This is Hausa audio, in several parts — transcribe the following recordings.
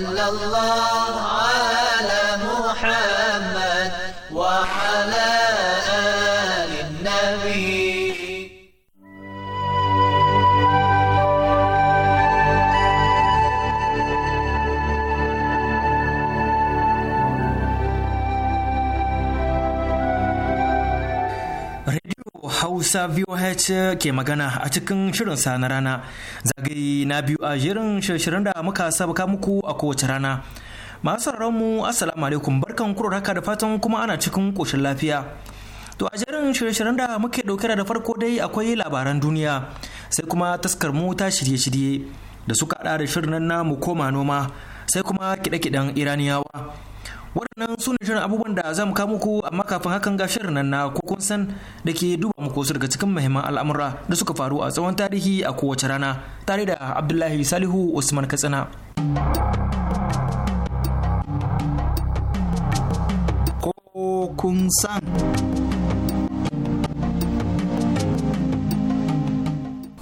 sallallahu Hausa VOH ke magana a cikin shirin sa na rana zagaye na biyu a jirin shirin da muka sabaka muku a kowace rana. Masu mu Assalamu alaikum barkan kuro haka da fatan kuma ana cikin koshin lafiya. To a jerin shirin da muke ɗauke da farko dai akwai labaran duniya sai kuma taskar mu ta shirye-shirye da suka da shirin nan mu koma noma sai kuma kiɗe-kiɗen Iraniyawa. waɗannan su ne shirin abubuwan da za mu muku ku amma kafin hakan ga shirin nan na kokon san da ke duba muku su daga cikin muhimman al'amura da suka faru a tsawon tarihi a kowace rana tare da abdullahi salihu usman katsina kokun san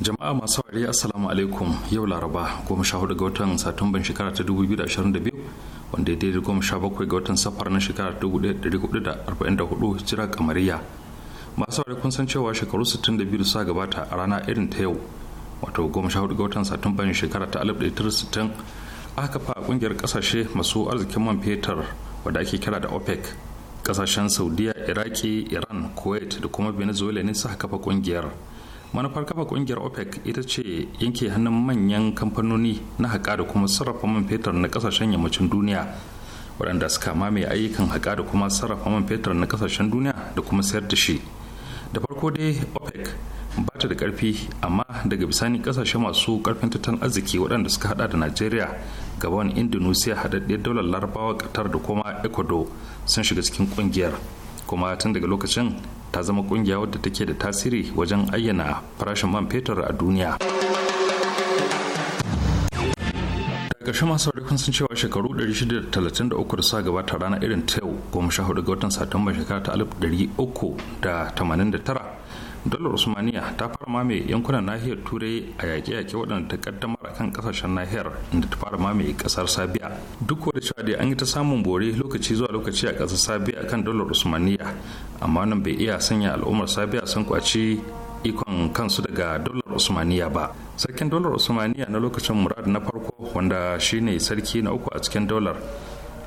jama'a masu wari assalamu alaikum yau laraba 14 hudu ga watan satumban shekara ta 2022 wanda daidai da goma sha bakwai ga watan safar na shekarar 1444 jira kamariya masu wari kun san cewa shekaru 62 da sa gabata a rana irin ta yau wato goma sha hudu ga watan ne shekara ta 1960 aka fa kungiyar kasashe masu arzikin man fetur wadda ake kira da opec kasashen saudiya iraki iran kuwait da kuma venezuela ne suka kafa kungiyar manufar kafa kungiyar opec ita ce yanke hannun manyan kamfanoni na haƙa da kuma sarrafa man fetur na kasashen yammacin duniya waɗanda suka mamaye ayyukan haƙa da kuma sarrafa man fetur na kasashen duniya da kuma sayar da shi da farko dai opec ba ta da ƙarfi amma daga bisani ƙasashe masu ƙarfin tattalin arziki waɗanda suka hada da nigeria gabon indonesia haɗaɗɗiyar daular larabawa qatar da kuma ecuador sun shiga cikin ƙungiyar kuma tun daga lokacin ta zama kungiya wadda take da tasiri wajen ayyana farashin man fetur a duniya. ƙarshen masu rikon sun cewa shekaru 633 da sa gabata rana irin ta yau goma sha hudu ga watan satumba shekara ta dalar usmaniya ta fara mame yankunan nahiyar turai a yaƙe-yaƙe waɗanda ta kaddamar kan ƙasashen nahiyar inda ta fara mame ƙasar sabiya duk da cewa dai an yi ta samun bore lokaci zuwa lokaci a ƙasar sabiya kan dalar usmaniya amma nan bai iya sanya al'ummar sabiya sun kwaci ikon kansu daga dalar usmaniya ba sarkin dalar usmaniya na lokacin murad na farko wanda shine sarki na uku a cikin dalar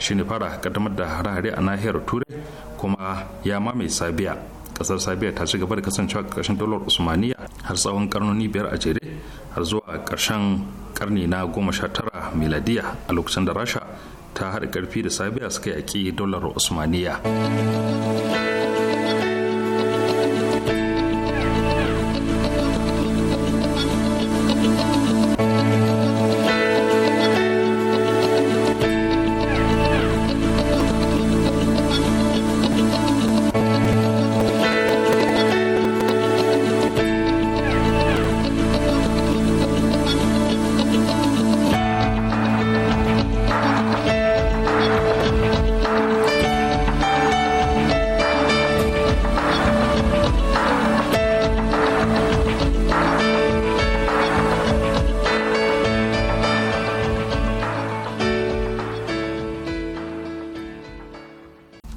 shine fara kaddamar da hare-hare a nahiyar turai kuma ya mame sabiya kasar sabiya ta ci gaba da kasancewa ƙarshen dolar usmaniya har tsawon karnoni biyar a jere har zuwa ƙarshen karni na goma sha tara miladiya a lokacin da rasha ta haɗa ƙarfi da sabiya suka yaƙi dolar usmaniya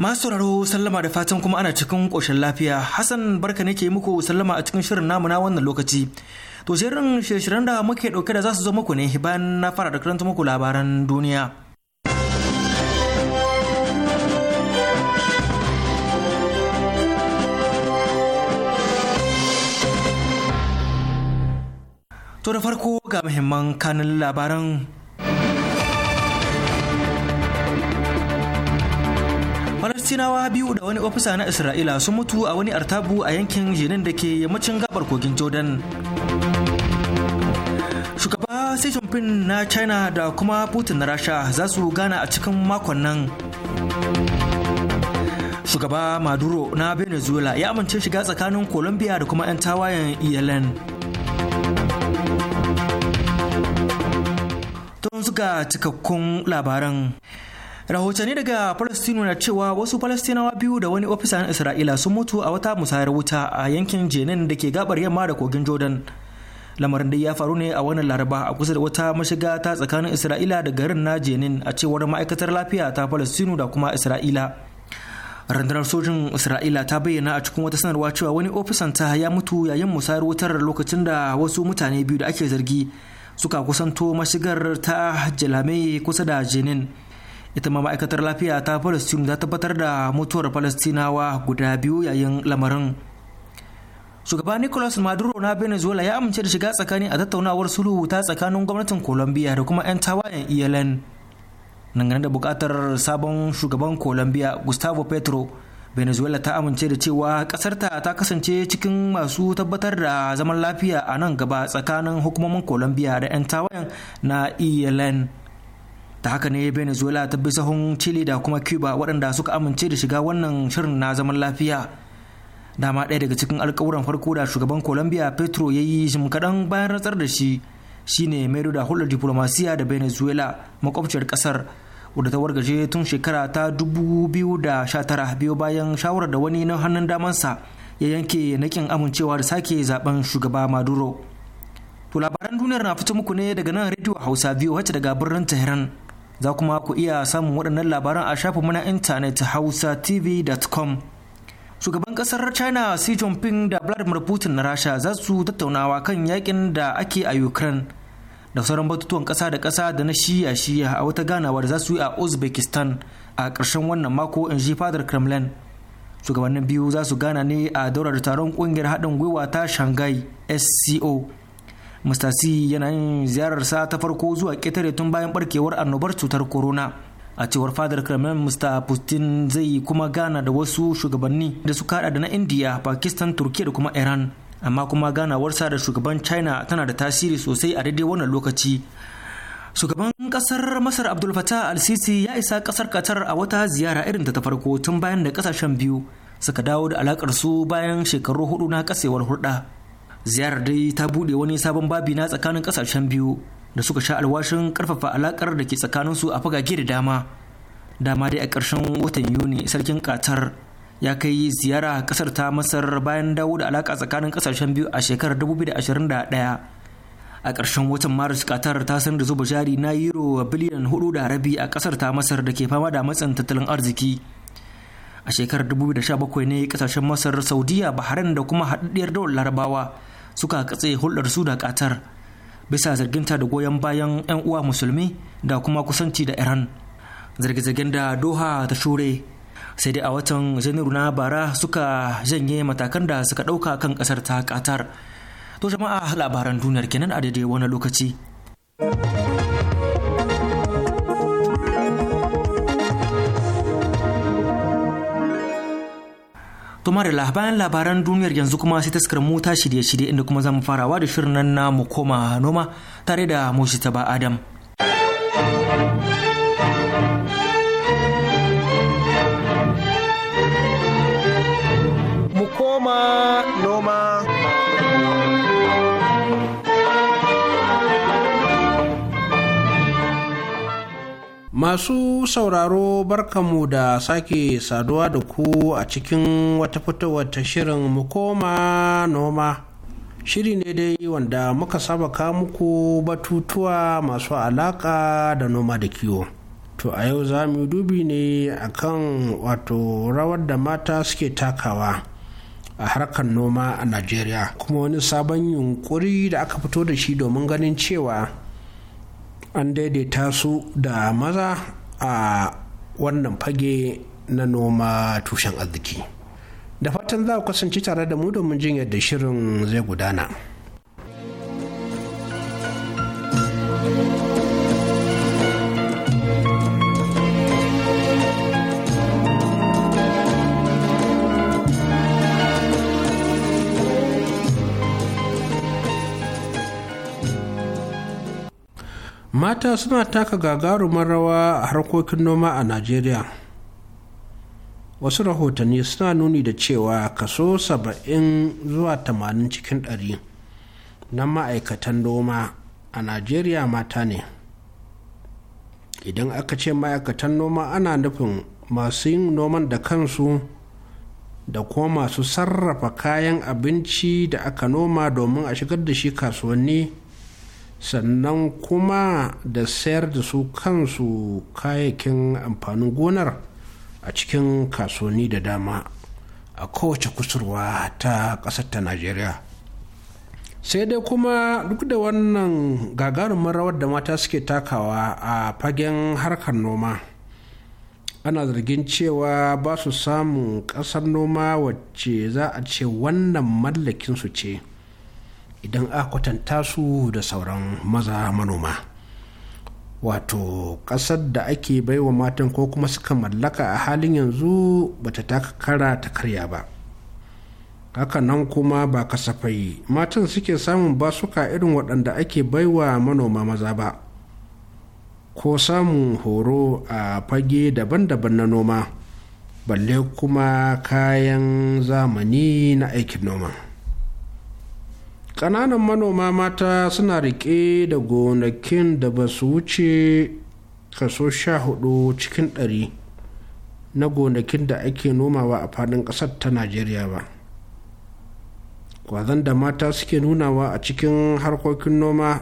Masu sauraro sallama da fatan kuma ana cikin ƙoshin lafiya. Hassan barka ne ke muku sallama a cikin shirin namu wannan lokaci. To shirin shirin da muke ɗauke da za su zo muku ne bayan na fara da karanta muku labaran duniya. To da farko ga muhimman kanin labaran Filistinawa biyu da wani ofisa na Isra'ila sun mutu a wani artabu a yankin jinin da ke yammacin gabar kogin Jordan. Shugaba Xi Jinping na China da kuma Putin na Rasha za su gana a cikin makon nan. Shugaba Maduro na Venezuela ya amince shiga tsakanin Colombia da kuma 'yan tawayen ELN. Don zuga cikakkun labaran. rahotanni daga palestino na cewa wasu palestinawa biyu da wani ofisan isra'ila sun mutu a wata musayar wuta a yankin jenin da ke gabar yamma da kogin jordan lamarin dai ya faru ne a wannan laraba a kusa da wata mashiga ta tsakanin isra'ila da garin na jenin a cewar ma'aikatar lafiya ta palestino da kuma isra'ila rundunar sojin isra'ila ta bayyana a cikin wata sanarwa cewa wani ofisan ta ya mutu yayin musayar wutar lokacin da wasu mutane biyu da ake zargi suka kusanto mashigar ta jalame kusa da jenin ita ma ma'aikatar lafiya ta palestine ta tabbatar da mutuwar palestinawa guda biyu yayin lamarin shugaba nicolas maduro na venezuela ya amince da shiga tsakani a tattaunawar sulhu ta tsakanin gwamnatin colombia da kuma 'yan tawayen eln dangane da bukatar sabon shugaban colombia gustavo petro venezuela ta amince da cewa kasarta ta kasance cikin masu tabbatar da zaman lafiya a nan gaba tsakanin hukumomin colombia da 'yan tawayen na eln ta haka ne venezuela ta bi sahun chile da kuma cuba waɗanda suka amince da shiga wannan shirin na zaman lafiya dama ɗaya daga cikin alkawuran farko da shugaban colombia petro ya yi shi kaɗan bayan ratsar da shi shine mai da hulɗar diplomasiya da venezuela makwabciyar ƙasar wadda ta wargaje tun shekara ta 2019 biyo bayan shawarar da wani na hannun damansa ya yanke nakin amincewa da sake zaben shugaba maduro to labaran duniyar na fito muku ne daga nan radio hausa biyu wacce daga birnin tehran za kuma ku iya samun waɗannan labaran a shafin na intanet hausa hausatv.com shugaban kasar china xi jinping da vladimir putin na rasha za su tattaunawa kan yakin da ake a ukraine da sauran batutuwan kasa da kasa da na shiya shiya a wata ganawa da za su yi a uzbekistan a ƙarshen wannan mako in ji fadar kremlin shugabannin biyu za su gana ne a daular taron ƙungiyar haɗin gwiwa ta shanghai sco mastasi yana yin ziyararsa ta farko zuwa ƙetare tun bayan barkewar annobar cutar corona a cewar fadar kremlin mr putin zai kuma gana da wasu shugabanni da suka hada da na india pakistan turkiya da kuma iran amma kuma ganawarsa da shugaban china tana da tasiri sosai a daidai wannan lokaci shugaban kasar masar abdul fatah al-sisi ya isa kasar qatar a wata ziyara irin ta farko tun bayan da kasashen biyu suka dawo da alakar su bayan shekaru hudu na kasewar hulɗa ziyarar dai ta buɗe wani sabon babi na tsakanin kasashen biyu da suka sha alwashin karfafa alakar da ke tsakanin su a fagage da dama dama dai a ƙarshen watan yuni sarkin katar ya kai ziyara kasar ta masar bayan dawo da alaka tsakanin kasashen biyu a shekarar 2021 a ƙarshen watan maris qatar ta sanar da zuba jari na euro biliyan hudu da rabi a kasar ta masar da ke fama da matsin tattalin arziki a shekarar 2017 ne kasashen masar saudiya bahrain da kuma haɗaɗɗiyar dawar larabawa suka katse hulɗar su da ƙatar bisa zarginta da goyon bayan 'yan uwa musulmi da kuma kusanci da iran zarge-zargen da doha ta shure sai dai a watan janairu na bara suka janye matakan da suka ɗauka kan ƙasar ta ƙatar to jama'a labaran duniyar kenan a daidai wani lokaci To da bayan labaran duniyar yanzu kuma sai taskar mota shirye-shirye inda kuma zamu farawa da shirin nan na mu koma noma tare da ba Adam. Masu sauraro barkamu da sake saduwa da ku a cikin wata fitowar ta shirin mukoma noma. Shiri ne dai wanda muka saba ka muku batutuwa masu alaka da noma da kiwo. To a yau za mu dubi ne akan wato rawar da mata suke takawa a harkar noma a Najeriya kuma wani sabon yunkuri da aka fito da shi domin ganin cewa an daidaita su da maza a wannan fage na noma tushen arziki da fatan za ku kasance tare da mu domin jin yadda shirin zai gudana. mata suna taka gagarumar rawa a harkokin noma a najeriya wasu rahotanni suna nuni da cewa kaso 70 zuwa 80 cikin 100 na ma'aikatan noma a najeriya mata ne idan aka ce ma'aikatan noma ana nufin masu yin noman da kansu da kuma masu sarrafa kayan abinci da aka noma domin a shigar da shi kasuwanni sannan kuma da sayar da su kansu kayayyakin amfanin gonar a cikin kasuwanni da dama a kowace kusurwa ta ƙasar ta najeriya sai dai kuma duk da wannan gagarumin rawar da mata suke takawa a fagen harkar noma ana zargin cewa ba su samun ƙasar noma wacce za a ce wannan mallakin su ce idan a kwatanta su da sauran maza manoma wato ƙasar da ake baiwa matan ko kuma suka mallaka a halin yanzu bata taka kara ta karya ba nan kuma ba kasafai matan suke samun basuka irin waɗanda ake baiwa manoma maza ba ko samun horo a fage daban-daban na noma balle kuma kayan zamani na aikin noma. ƙananan manoma mata suna riƙe da gonakin da ba su wuce kaso sha hudu cikin ɗari na gonakin da ake nomawa a faɗin ƙasar ta najeriya ba kwazon da mata suke nunawa a cikin harkokin noma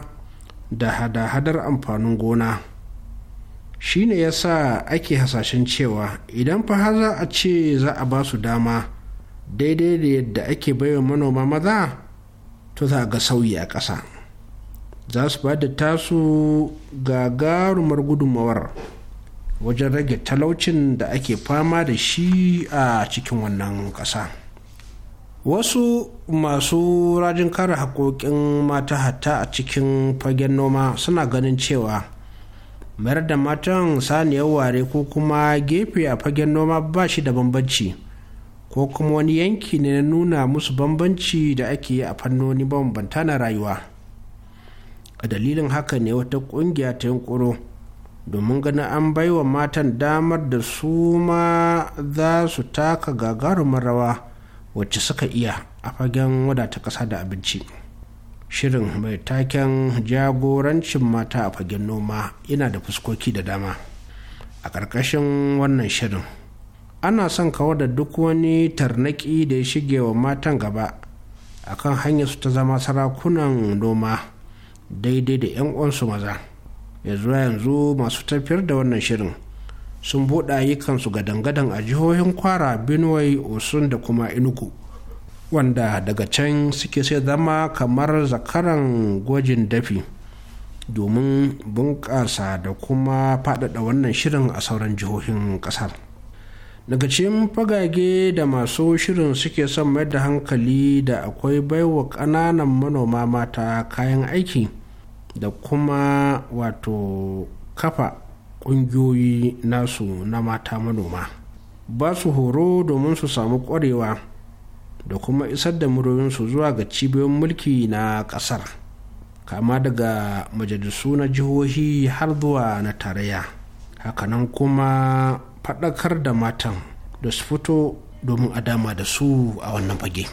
da hada-hadar amfanin gona shi ne ya sa ake hasashen cewa idan fa za a ce za a ba su dama daidai da yadda ake baiwa manoma maza to za ga sauyi a ƙasa za su ba da tasu gagarumar gudunmawar wajen rage talaucin da ake fama da shi a cikin wannan ƙasa wasu masu rajin kare haƙoƙin mata hatta a cikin fagen noma suna ganin cewa mayar da matan saniyar ware ko kuma gefe a fagen noma ba shi da bambanci ko kuma wani yanki ne na nuna musu bambanci da ake yi a fannoni bambanta na rayuwa a dalilin haka ne wata kungiya ta yunkuro domin ganin an baiwa matan damar da su ma za su taka gagarumar rawa wacce suka iya a fagen wadata ƙasa da abinci shirin mai taken jagorancin mata a fagen noma yana da fuskoki da dama a ƙarƙashin wannan shirin ana son kawar da duk wani tarnaki da ya shige wa matan gaba akan hanyar su ta zama sarakunan noma daidai da 'yan uwansu maza ya zuwa yanzu masu tafiyar da wannan shirin sun buɗe ayyukansu ga dangadan a jihohin kwara benue osun da kuma inugu wanda daga can suke sai zama kamar zakaran gwajin dafi domin bunƙasa da kuma faɗaɗa wannan shirin a sauran jihohin ƙasar. daga cikin fagage da masu shirin suke son mayar da hankali da akwai baiwa ƙananan manoma mata kayan aiki da kuma wato kafa ƙungiyoyi nasu na mata manoma ba su horo domin su samu ƙwarewa da kuma isar da muroyinsu zuwa ga cibiyoyin mulki na ƙasar kama daga majalisu na jihohi har zuwa na tarayya hakanan kuma faɗakar da matan da su fito domin a dama da su a wannan fage.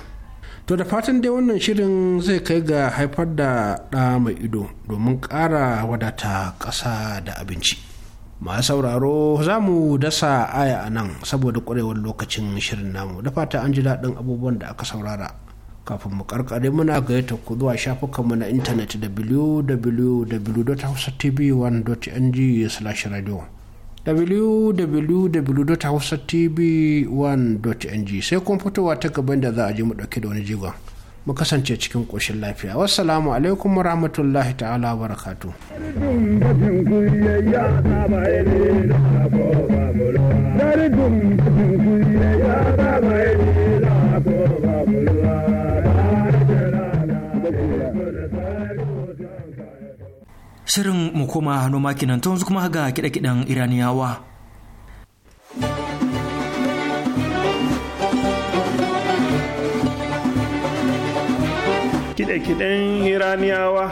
To da fatan dai wannan shirin zai kai ga haifar da ɗa mai ido domin ƙara wadata ƙasa da abinci. Masu sauraro za mu dasa aya a nan saboda ƙwarewar lokacin shirin namu da fata an ji daɗin abubuwan da aka saurara. Kafin mu ƙarƙare muna gayyata ku zuwa shafukanmu na intanet www.hausatv1.ng/radio. www.hausatv1.ng sai kuma fitowa ta gaban da za a je mu dauke da wani jigon mu kasance cikin ƙoshin lafiya wassalamu alaikum wa rahmatullahi ta'ala wa barakatu Shirin mu koma noma kinan to kuma ga kiɗe-kiɗen Iraniyawa. Kiɗe-kiɗen Iraniyawa.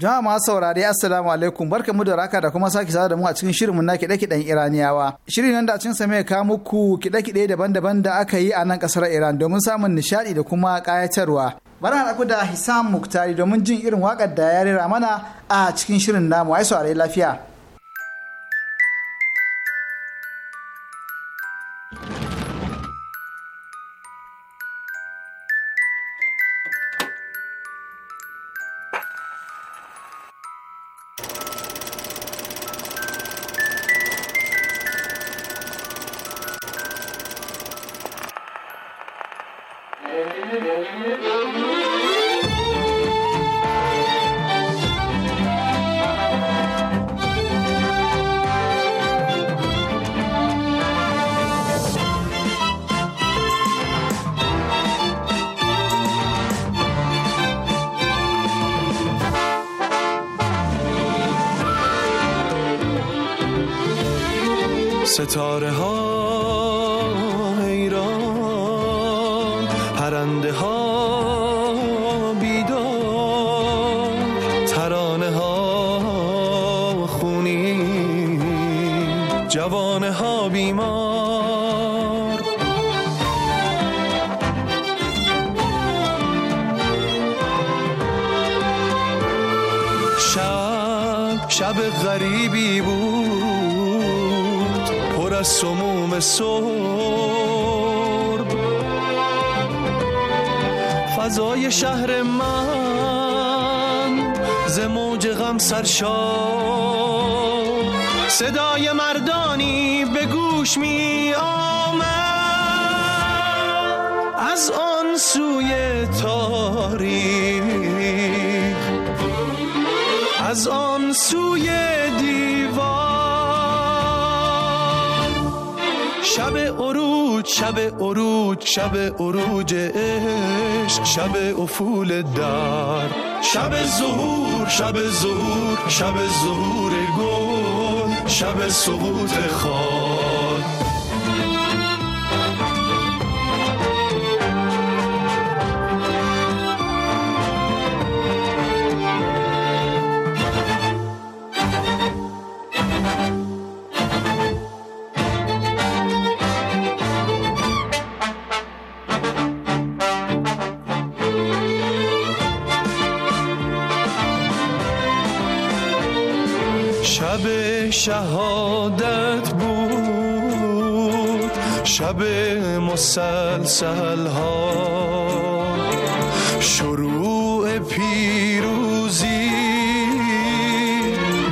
Jama'a masu saurare Assalamu alaikum mu da raka da kuma sake sada da mu a cikin shirinmu na kiɗe-kiɗen Iraniyawa. Shirin nan da cin sa mai kawo muku kiɗe-kiɗe daban-daban da aka yi a nan ƙasar Iran domin samun nishaɗi da kuma kayatarwa. Bari na ku da Hisam Muktari domin jin irin waƙar da ya rera mana a cikin shirin namu ai saurari lafiya. ستاره ها سوی تاریخ از آن سوی دیوار شب عروج شب عروج شب عروج عشق شب افول در شب ظهور شب ظهور شب ظهور گل شب سقوط خواب شب مسلسل ها شروع پیروزی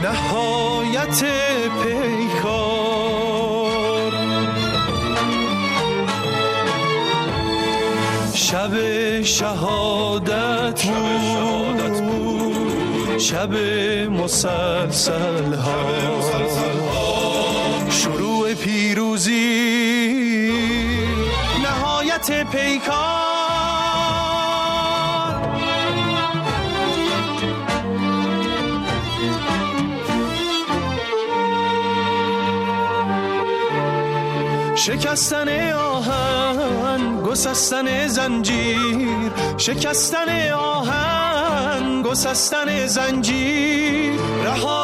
نهایت پیکار شب شهادت بود شب مسلسل ها شکستن آهن گسستن زنجیر شکستن آهن گسستن زنجیر رها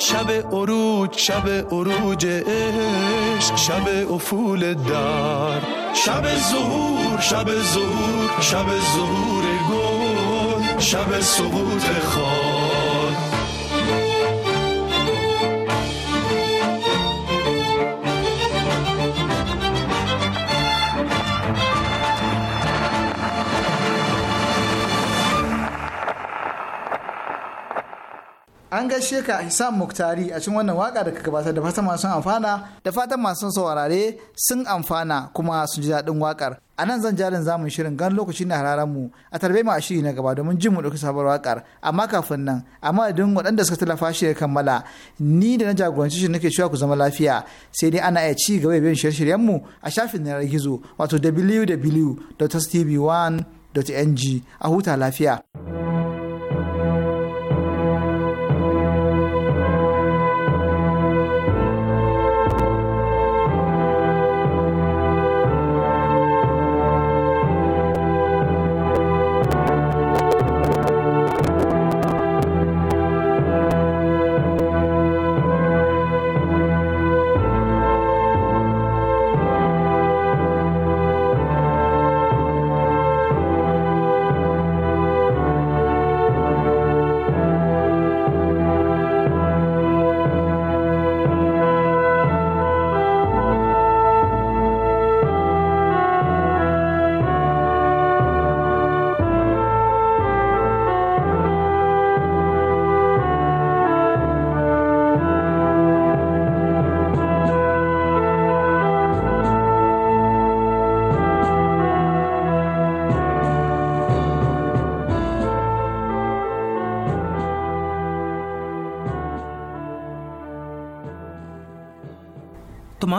شب عروج شب عروج عشق شب افول در شب ظهور شب ظهور شب ظهور گل شب سقوط خواب an gaishe ka Hisam Muktari a cikin wannan waka da ka gabatar da fatan masu amfana da fatan masu saurare sun amfana kuma sun ji daɗin wakar. A nan zan jarin zamun shirin gan lokaci na hararanmu mu a tarbe mu a shiri na gaba domin jin mu ɗauki sabon wakar amma kafin nan amma idan waɗanda suka tallafa shi ya kammala ni da na jagoranci shi nake cewa ku zama lafiya sai dai ana iya ci gaba bin shirye-shiryen mu a shafin na gizo wato www.tv1.ng a huta lafiya.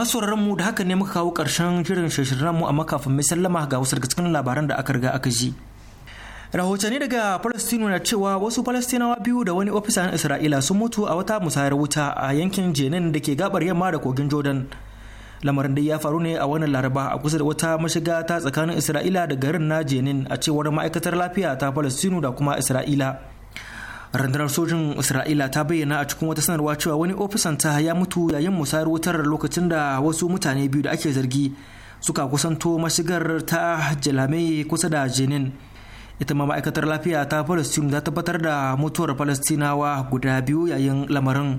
masu mu da haka ne muka kawo ƙarshen shirin shirin mu a makafin mai sallama ga wasu daga cikin labaran da aka riga aka ji. rahotanni daga palestina na cewa wasu palestinawa biyu da wani na isra'ila sun mutu a wata musayar wuta a yankin jenin da ke gabar yamma da kogin jordan lamarin dai ya faru ne a wannan laraba a kusa da wata mashiga ta tsakanin isra'ila da garin na jenin a cewar ma'aikatar lafiya ta palestina da kuma isra'ila rundunar sojin isra'ila ta bayyana a cikin wata sanarwa cewa wani ofisanta ya mutu yayin musayar wutar lokacin da wasu mutane biyu da ake zargi suka kusanto mashigar ta jalamai kusa da jenin ita ma ma'aikatar lafiya ta palestine ta tabbatar da mutuwar palestinawa guda biyu yayin lamarin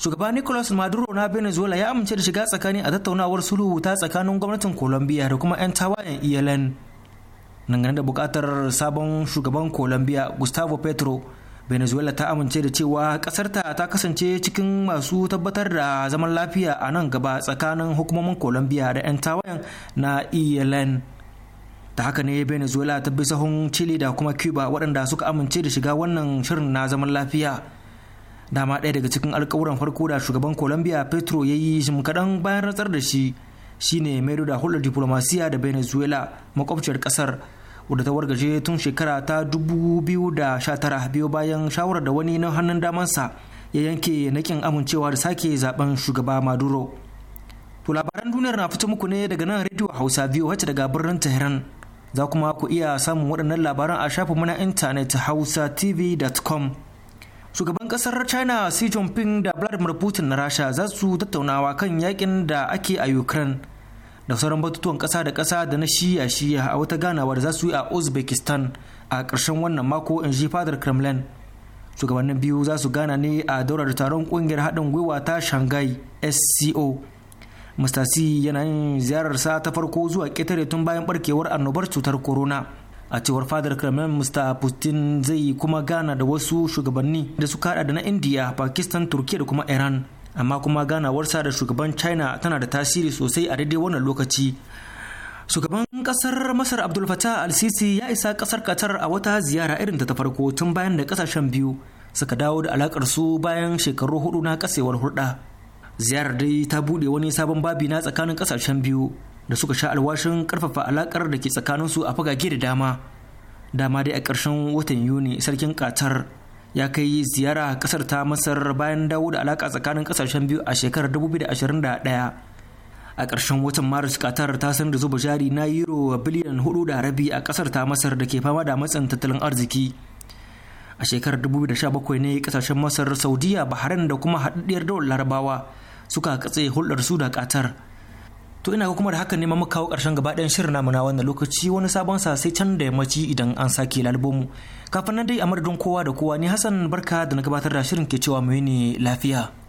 shugaba nicolas maduro na venezuela ya amince da shiga tsakani a tattaunawar sulhu ta tsakanin gwamnatin colombia da kuma 'yan tawayen eln dangane da bukatar sabon shugaban colombia gustavo petro venezuela ta amince da cewa kasarta ta kasance cikin masu tabbatar da zaman lafiya a nan gaba tsakanin hukumomin colombia da 'yan tawayan na eln ta haka ne venezuela ta bi sahun chile da kuma cuba waɗanda suka amince da shiga wannan shirin na zaman lafiya dama ɗaya daga cikin alkawuran farko da shugaban colombia petro ya yi shi kaɗan bayan ratsar da shi shine mai da hulɗar diplomasiya da venezuela makwabciyar ƙasar wadda ta wargaje tun shekara ta 2019 biyo bayan shawarar da wani na hannun damansa ya yanke nakin amincewa da sake zaben shugaba maduro to labaran duniyar na fito muku ne daga nan rediyo hausa biyu wacce daga birnin tehran za kuma ku iya samun waɗannan labaran a shafin mana intanet hausa tv.com. shugaban kasar china xi jinping da vladimir putin na rasha za su tattaunawa kan yakin da ake a ukraine da sauran batutuwan ƙasa da kasa da na shiya-shiya a wata ganawa da za su yi a uzbekistan a ƙarshen wannan mako in ji fadar kremlin shugabannin biyu za su gana ne a daurar taron ƙungiyar haɗin gwiwa ta shanghai sco mr c yana yin ziyarar sa ta farko zuwa ƙetare tun bayan barkewar annobar cutar corona a cewar fadar kremlin mr putin zai kuma gana da wasu shugabanni da su kada da na india pakistan turkiya da kuma iran amma kuma ganawarsa da shugaban china tana da tasiri sosai a daidai wannan lokaci shugaban kasar masar abdul fatah al-sisi ya isa kasar qatar a wata ziyara irin ta farko tun bayan da kasashen biyu suka dawo da alakar su bayan shekaru hudu na kasewar hulɗa ziyarar dai ta buɗe wani sabon babi na tsakanin kasashen biyu da suka sha alwashin karfafa alakar da ke tsakaninsu a fagage da dama dama dai a ƙarshen watan yuni sarkin qatar ya kai ziyara kasar ta masar bayan dawo da alaka tsakanin kasashen biyu a shekarar 2021 a ƙarshen watan maris katar ta sanar da zuba jari na euro biliyan hudu da rabi a kasar ta masar da ke fama da matsin tattalin arziki a shekarar 2017 ne kasashen masar saudiya bahrain da kuma haɗaɗɗiyar dawar larabawa suka katse hulɗar su da katar To ina ga kuma da hakan ne mu kawo ƙarshen gaba ɗayan shirin namu na wannan lokaci wani sabon sa sai can da yammaci idan an sake mu. Kafin nan dai a madadin kowa da kowa ne Hassan Barka da na gabatar da shirin ke cewa mu ne lafiya.